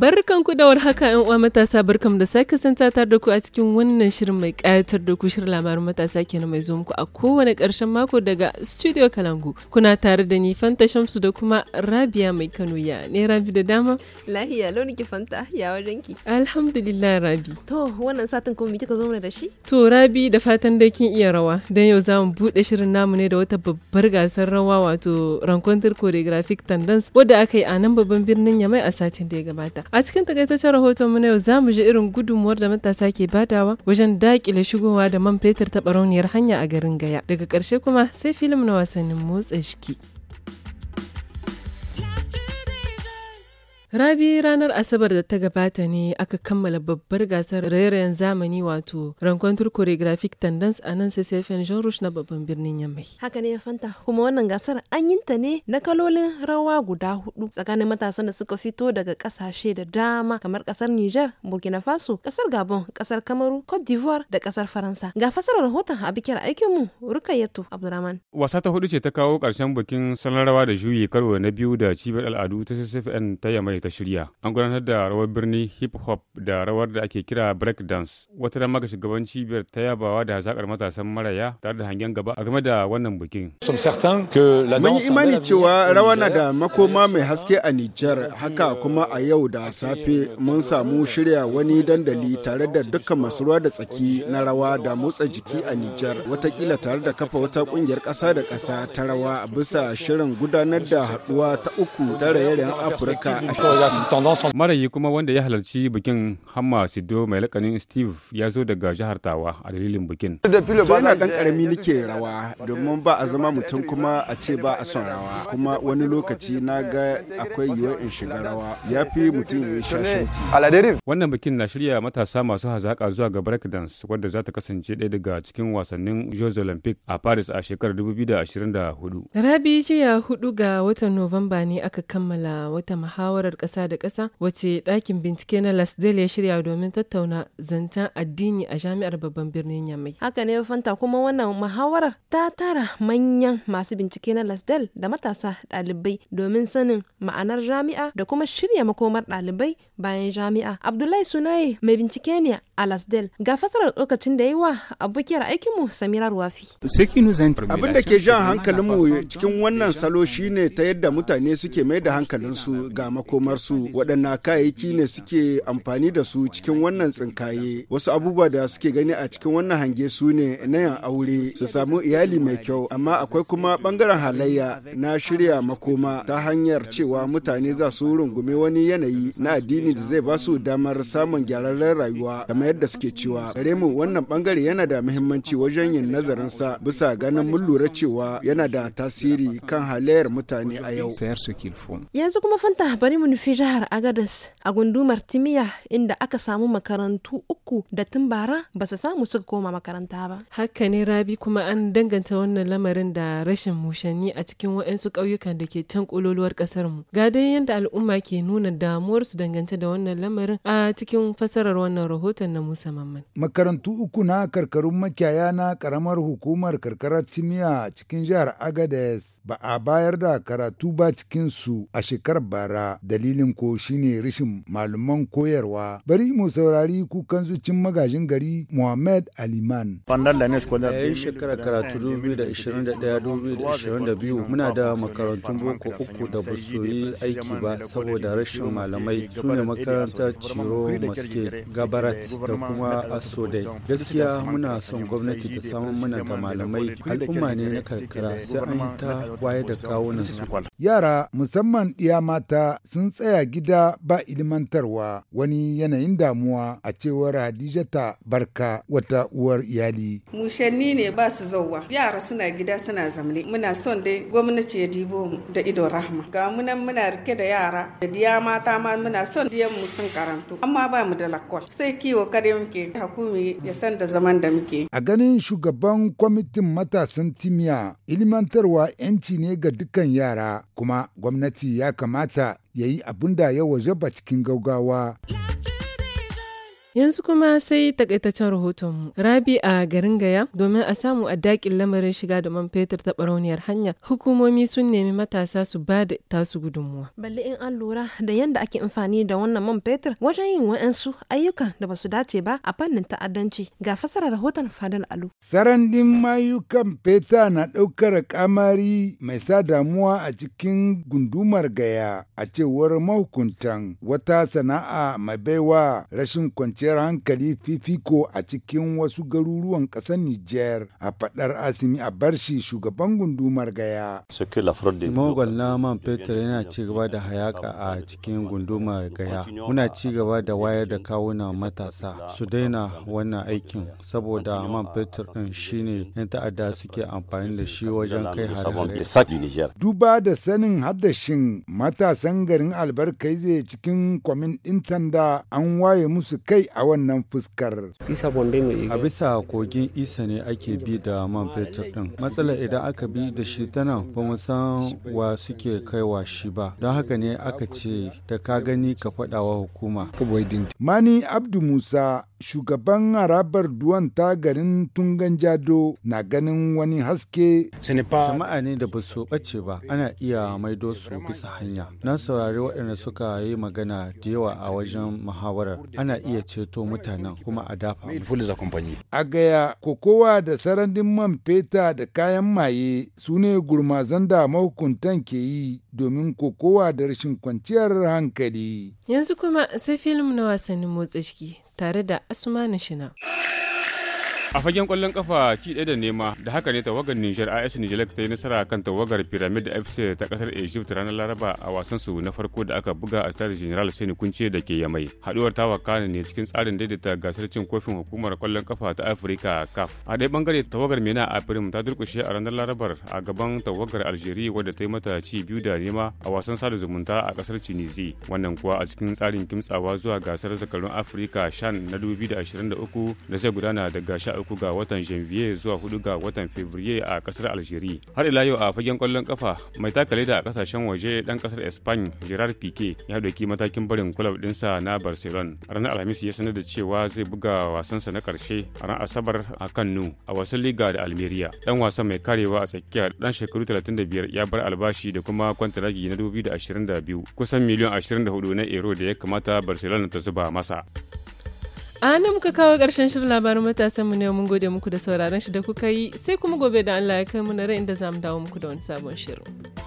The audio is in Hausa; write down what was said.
Barkanku da warhaka ‘yan uwa matasa barkam da sake kasanta tare da ku a cikin wannan shirin mai ƙayatar da ku shirin labarin matasa kenan mai zo muku a kowane ƙarshen mako daga Studio Kalangu. Kuna tare da ni Fanta Shamsu da kuma Rabia mai Kano ya ne Rabi da dama? Lahiya launi ki Fanta ya wajen ki. Alhamdulillah Rabi. To wannan satin kuma kika zo mana da shi? To Rabi da fatan da kin iya rawa don yau za mu buɗe shirin namu ne da wata babbar gasar rawa wato Rancontre Choreographic Tendance wadda aka yi a nan babban birnin Yamai a satin da ya gabata. A cikin takaitaccen rahoton mu na yau za mu ji irin gudunmuwar da matasa ke badawa wajen dakile shigowa da man fetur ta hanya a garin Gaya. Daga ƙarshe kuma sai filim na wasannin motsa jiki. Rabi ranar Asabar da ta gabata ne aka kammala babbar gasar rairayen zamani wato Rancontur Choreographic Tendance a nan CCFN Jean Rouge na babban birnin Yamai. Haka ne ya fanta kuma wannan gasar an yi ta ne na kalolin rawa guda hudu tsakanin matasan da suka fito daga kasashe da dama kamar kasar Niger, Burkina Faso, kasar Gabon, kasar Kamaru, Cote d'Ivoire da kasar Faransa. Ga fasarar rahoton a bikin mu Rukayyatu Abdurrahman. Wasa ta hudu ce ta kawo karshen bikin salon rawa da juyi karo na biyu da cibiyar al'adu ta CCFN ta Yamai ta shirya. An gudanar da rawar birni hip hop da rawar da ake kira break dance. Wata dama ga shugaban cibiyar ta yabawa da hazakar matasan maraya tare da hangen gaba a game da wannan bikin. Mun yi imani cewa rawa na da makoma mai haske a Nijar haka kuma a yau da safe mun samu shirya wani dandali tare da dukkan masu ruwa da tsaki na rawa da motsa jiki a Nijar watakila tare da kafa wata kungiyar ƙasa da kasa ta rawa bisa shirin gudanar da haɗuwa ta uku ta raye-rayen Afirka a Marayi kuma wanda ya halarci bikin Hamma Sido mai lakanin Steve ya zo daga jihar Tawa a dalilin bikin. To na dan karami nike rawa domin ba a zama mutum kuma a ce ba a son rawa kuma wani lokaci na ga akwai yiwuwar in shiga rawa ya fi mutum ya shashanci. Wannan bikin na shirya matasa masu hazaka zuwa ga breakdance wadda za ta kasance ɗaya daga cikin wasannin Jeux Olympic a Paris a shekarar 2024. Rabi jiya hudu ga watan Nuwamba ne aka kammala wata muhawarar kasa da kasa wace dakin bincike na del ya shirya domin tattauna zancen addini a jami'ar babban birnin Yamai. Haka ne fanta kuma wannan muhawarar ta tara manyan masu bincike na del da matasa ɗalibai domin sanin ma'anar jami'a da kuma shirya makomar ɗalibai bayan jami'a. Abdullahi Sunaye mai bincike ne a las del ga fasarar lokacin da yi wa abokiyar aikinmu Samira Ruwafi. Abin da ke jan hankalinmu cikin wannan salo shine ta yadda mutane suke mai da hankalinsu ga makomar kamar waɗanna kayayyaki ne suke amfani da su cikin wannan tsinkaye wasu abubuwa da suke gani a cikin wannan hange su ne na yan aure su samu iyali mai kyau amma akwai kuma ɓangaren halayya na shirya makoma ta hanyar cewa mutane za su rungume wani yanayi na addini da zai ba su damar samun gyararren rayuwa kamar yadda suke cewa gare mu wannan bangare yana da muhimmanci wajen yin nazarinsa bisa ganin mun lura cewa yana da tasiri kan halayyar mutane a yau yanzu kuma fanta bari mu nufi jihar Agadas a gundumar Timiya inda aka samu makarantu uku da tun bara ba su samu suka koma makaranta ba. Haka ne Rabi kuma an danganta wannan lamarin da rashin mushanni a cikin waɗansu ƙauyukan da ke can ƙololuwar ƙasar mu. Ga dai yadda al'umma ke nuna damuwar su dangance da wannan lamarin a cikin fasarar wannan rahoton na Musa Mamman. Makarantu uku na karkarun makiyaya na karamar hukumar karkarar Timiya cikin jihar agadas ba a bayar da karatu ba cikinsu a shekarar bara dalilin dalilin ko shine rashin malaman koyarwa bari mu saurari kukan zucin magajin gari Muhammad Aliman. Yayin shekara karatu 2021-2022 muna da makarantun boko uku da ba su yi aiki ba saboda rashin malamai su ne makarantar Ciro Maske, Gabarat da kuma Asodai. Gaskiya muna son gwamnati ta samun mana da malamai al'umma ne na karkara sai an yi ta waye da kawunan su. Yara musamman iya mata sun tsaya gida ba ilimantarwa wani yanayin damuwa a cewar Hadijata Barka wata uwar iyali. Mushanni ne ba su zauwa. Yara suna gida suna zamne. Muna son dai gwamnati ya dibo mu da ido rahma. Ga munan muna rike da yara da diya mata ma muna son diyan mu sun karantu. Amma ba mu da lakwal. Sai kiwo kare muke hakumi ya san da zaman da muke. A ganin shugaban kwamitin matasan Timiya ilmantarwa 'yanci ne ga dukkan yara kuma gwamnati ya kamata ya yi abin da ya ba cikin gaugawa. Yanzu kuma sai takaitaccen rahotonmu. Rabi a garin Gaya domin a samu a dakin lamarin shiga da man fetur ta barauniyar hanya. Hukumomi sun nemi matasa su ba da tasu gudunmuwa. Balle in an lura da yadda ake amfani da wannan man fetur wajen yin wa'ansu ayyukan da basu dace ba a fannin ta'addanci. Ga fasara rahoton Fadal Alu. Sarandin mayukan feta na ɗaukar kamari mai sa damuwa a cikin gundumar Gaya a cewar mahukuntan wata sana'a mai baiwa rashin kwanci kwanciyar hankali fifiko a cikin wasu garuruwan ƙasar Nijar a faɗar Asimi a barshi shugaban gundumar Gaya. Simogon na man fetur yana cigaba da hayaka a cikin gundumar Gaya. Muna cigaba da wayar da kawuna matasa su daina wannan aikin saboda man fetur ɗin shine 'yan ta'adda suke amfani da shi wajen kai hare-hare. Duba da sanin haddashin matasan garin albarkai zai cikin kwamin ɗin tanda an waye musu kai a wannan fuskar. A bisa kogin isa ne ake bi da man fetur ɗin. Matsalar idan aka bi da shi ta nan ba mu san wa suke kaiwa shi ba. Don haka ne aka ce da ka gani ka faɗawa hukuma. Mani Abdu Musa shugaban harabar duwan ta garin tungan jado na ganin wani haske jama'a ne da ba su ɓace ba ana iya maido su bisa hanya na saurari waɗanda suka yi magana da yawa a wajen muhawarar ana iya ceto mutanen kuma a dafa a gaya kokowa da sarandin man feta da kayan maye su ne gurmazan da mahukuntan ke yi domin kokowa da rashin kwanciyar hankali yanzu kuma sai film na wasannin motsa jiki tare da Asmanu Shina. a fagen kwallon kafa ci daya da nema da haka ne tawagar niger as niger ta yi nasara kan tawagar pyramid fc ta kasar egypt ranar laraba a wasan su na farko da aka buga a stade general sani kunce da ke yamai haduwar ta wakana ne cikin tsarin daidaita gasar cin kofin hukumar kwallon kafa ta afirka caf a ɗaya bangare tawagar mena afirim ta durkushe a ranar larabar a gaban tawagar algeria wadda ta yi mata ci biyu da nema a wasan sada zumunta a kasar tunisia wannan kuwa a cikin tsarin kimtsawa zuwa gasar zakarun afirka shan na 2023 da zai gudana daga sha uku ga watan janvier zuwa hudu ga watan fevrier a kasar algeria har ila yau a fagen kwallon kafa mai takale a kasashen waje dan kasar espagne gerard pique ya dauki matakin barin kulab dinsa na barcelona ranar alhamis ya sanar da cewa zai buga wasansa na karshe a ran asabar a nu a wasan liga da almeria dan wasan mai karewa a tsakiya dan shekaru 35 ya bar albashi da kuma kwantaragi na 2022 kusan miliyan 24 na euro da ya kamata barcelona ta zuba masa ana muka kawo ƙarshen shirin labarin matasan mu ne mun gode muku da sauraron shi da kuka yi sai kuma gobe da Allah ya kai mu na rai inda zamu dawo muku da wani sabon shirin